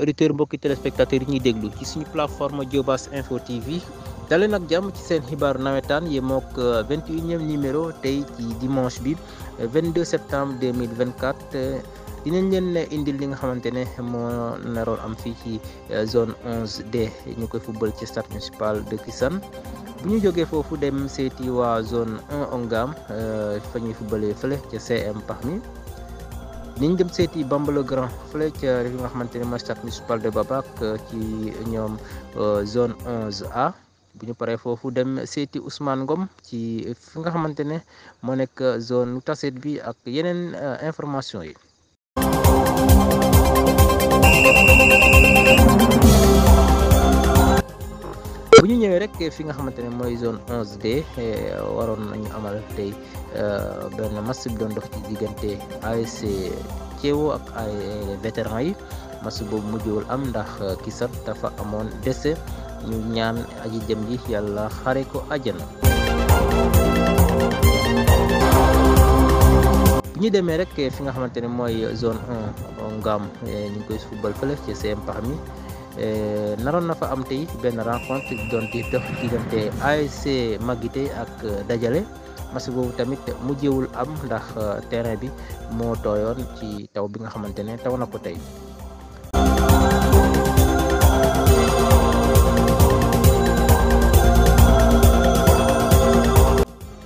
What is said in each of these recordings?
mbokki auditeurs de téléspectateurs yi ñuy déglu ci suñu plateforme Jobas Info TV dalé nak jam ci seen xibaaru nawetaan yi mook 21e numéro tay ci dimanche bi 22 euh, septembre 2024 dinañ leen indil li nga xamantene moo naroon am ci euh, zone 11D ñu koy football ci stade municipal de kissan bu ñu jógee foofu dem seeti waa zone 1 Ongam euh, fa ñuy footballee fële ca CM parmi niñ dem seeti Bamba le Grand fële ca nga xamante ne mooy stade municipal de Babac euh, ci ñoom euh, zone 11A bu ñu paree foofu dem seeti Ousmane Ngom ci fi nga xamante ne moo nekk zone taset bi ak yeneen euh, information yi. ñu ñëwee rek fi nga xamante ne mooy zone 11D eh, waroon nañu amal tey eh, benn match bi doon dox ci diggante ASC Thiewo ak ay vétérans yi match boobu mujjewul am ndax eh, kisam dafa amoon dese ñu ñaan aji jëm ji yàlla xare ko àjjana. ñu demee rek fi nga xamante ne mooy zone 1 Ngam ñu ngi koy football fële ci CM Pax mi. Eh, naroon na fa am tey benn rencontre doon di dox diggante ASC maggite ak eh, Dajale match boobu tamit mujjewul am ndax eh, terrain bi moo tooyoon ci taw bi nga xamante ne taw na ko tey.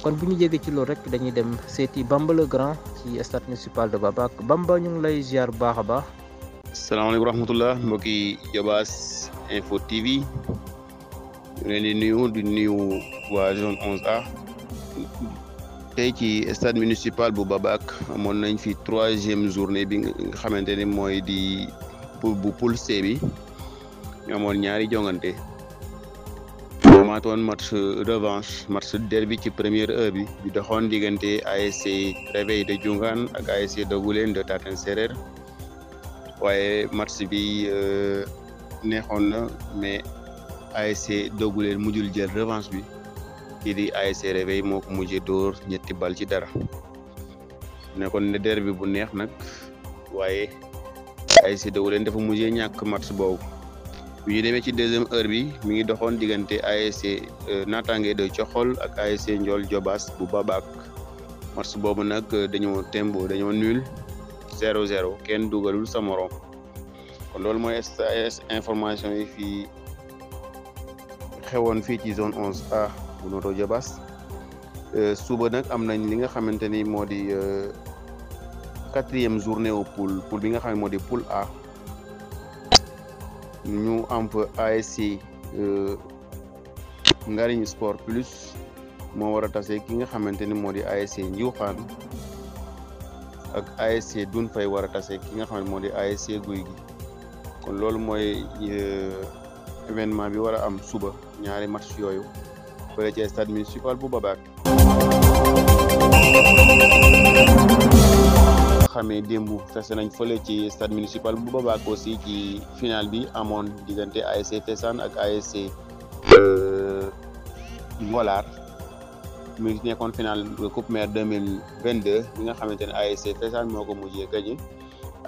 kon bu ñu jege ci loolu rek dañuy dem seeti Bamba le Grand ci stade municipal de Babac Bamba ñu ngi lay ziar bu baax a baax. salaamaaleykum wa mbokki info TV ñu zone 11A stade municipal bu Babak amoon nañ fi troisième journée bi nga di C bi jongante match revanche match derby ci première heure bi bi Réveil de ak ASC de Tatin Serer waaye match bi euh, neexoon na mais ASC doogu leen mujjul jël revanche bi kii di ASC Réveil moo ko mujjee door ñetti bal ci dara nekkoon ne derby bu neex nag waaye ASC doogu leen dafa mujjee ñàkk match boobu. bi ñu demee ci deuxième heure bi mi ngi doxoon diggante ASC euh, naataange de Coxol ak ASC Ndiol Jobaas bu Babaak match boobu nag euh, dañoo tembo dañoo nul. 00 0 ken dugalul sa morom kon loolu mooy stas information yi fii xewoon fii ci zone 11 A bu Notto Diobass euh, suba nag am nañ li nga xamante ni moo di euh, quatrième journée au poule poule bi nga xam ne moo A ñu am fa ASC euh, Ngariñ Sport Plus moo war a tase ki nga xamante ni ASC Njuuxaan ak ASC duñ fay war a tase ki nga xam ne moo di ASC guy kon loolu mooy euh, événement bi war a am suba ñaari match yooyu fële ci stade municipal bu Babac xamee démb tase nañ fële ci stade municipal bu Babac aussi ci final bi amoon diggante ASC Fesane ak ASC Ngolaar euh, mi ngi nekkoon final coupe maire deux mille vingt deux bi nga xamante ne ASC Fessane moo ko mujjee gagné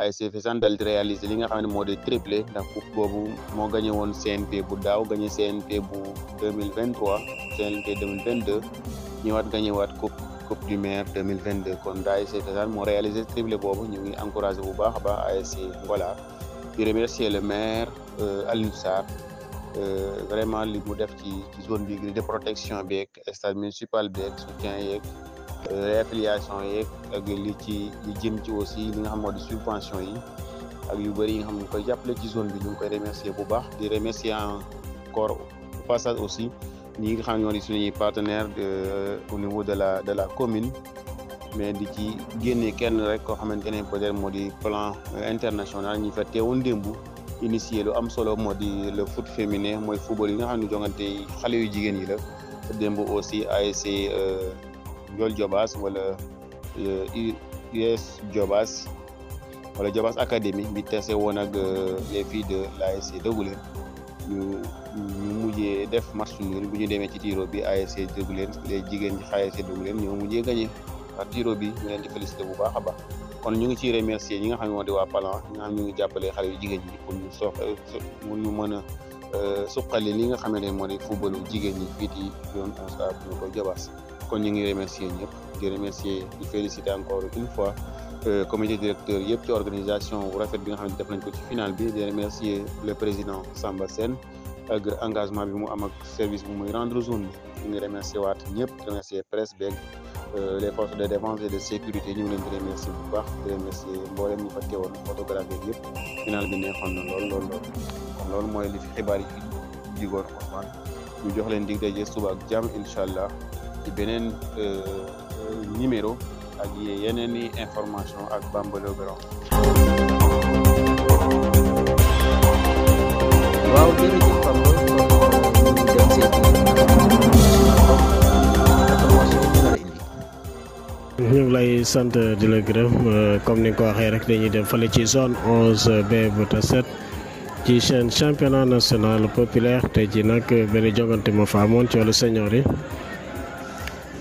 ASC Fessane dal réaliser li nga xam ne moo di triplé ndax coupe boobu moo gagné woon CNP bu daaw seen CNP bu deux mille vingt trois CNP deux mille vingt ñëwaat gagné waat coupe coupe du maire mille vingt deux kon ASC Fessane moo réalisé triplé boobu ñu ngi encouragé bu baax a baax ASC Ngola di remercier le maire euh, Alioune Euh, vraiment li mu def ci ci zone bi de protection bi ak stade municipal bi ak soutien yeeg euh, réaffiliation yeeg ak li ci li jëm ci aussi li nga xam moo di subvention yi ak yu bëri yi nga xam ñu koy jàppale ci zone bi ñu ngi koy remercier bu baax di remercier encore au passage aussi ñi nga xam ñoo di suñuy partenaire euh, au niveau de la de la commune mais di ci génne kenn rek koo xamante ne peut-être moo di plan international ñi fa teewoon démb initié lu am solo moo di le foot féminin mooy football yi nga xam ne jongante xale yu jigéen yi la démb aussi ASC Ndiol euh, Diobass wala US euh, Diobass wala Diobass Academy bi tase woon ak euh, les filles de l'ASC Dëgguleen ñu ñu mujjee def match nul bu ñu demee ci tiro bi ASC Dëgguleen les jigéen ñi ASC Dëgguleen ñoo mujjee gagné ak tiro bi ñu leen di félicité bu baax a baax kon ñu ngi ciy remercier ñi nga xam ne moo di waa Palan ñi nga xam ñu ngi jàppale xale yu jigéen ñi pour ñu sox euh, pour ñu mën a euh, suqali li nga xamante ne moo di footballu jigéen ñi fii di zone 11A bu Notto Diobass kon ñu ngi remercier ñëpp di remercier di féliciter encore une fois euh, comité directeur yëpp ci organisation bu rafet bi nga xam ne def nañ ko ci final bi di remercier le président Samba Sen ak engagement bi mu am ak service bu muy rendre zone bi ñu ngi remercier waat ñëpp remercier presse beeg euh, les forces de défense et de sécurité ñu leen di remercier bu baax di remercier mboolem ñu fa teewoon photographe yi yëpp final bi neexoon na lool lool lool kon loolu mooy li fi xibaar yi digoon waxoon ñu jox leen dig daje suba ak jàmm incha allah ci beneen euh, numéro ak yeneen information ak bambalo Beroŋ ñu sant di la gërëm euh, comme ni nga ko waxee rek dañuy dem fale ci zone 11 B bu Tassette ci seen championnat national populaire tey ji nag euh, benn jogante moo fa amoon ci wàllu senior yi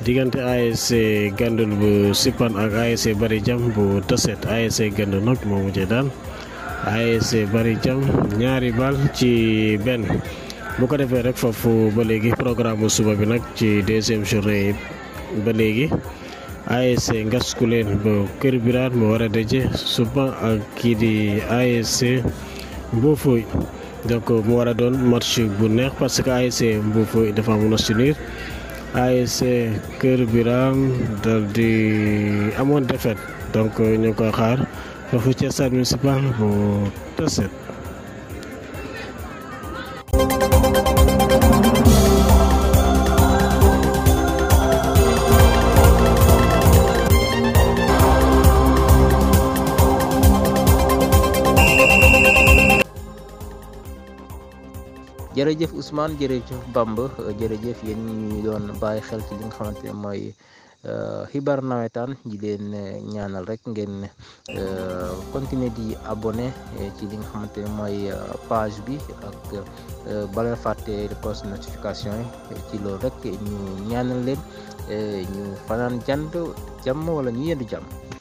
diggante ASC Gandul bu Sipan ak ASC Bari Jam bu Tassette ASC Gandul nag moo mujjee daal ASC Bari Jam ñaari bal ci benn bu ko defee rek foofu ba léegi programme bu suba bi nag ci deuxième journée ba léegi. ASC Gaskulel bu Kër Birane mu war a daje suba ak kii di ASC Mbofoy donc mu war a doon match bu neex parce que ASC Mbofoy dafa am match nul ASC Kër Birane dal di amoon défaite donc ñu koy xaar foofu ci stade bu Tassette. jërëjëf Ousmane jërëjëf Bamba jërëjëf yéen ñu doon bàyyi xel ci li nga xamante ne mooy euh, xibaar nawetaan ji leen euh, ñaanal rek ngeen euh, continuer di abonné ci li nga xamante ne mooy page bi ak bale fàtte cloche notification yi ci loolu rek ñu ñaanal leen ñu fanaan jànd jàmm wala ñu yendu jàmm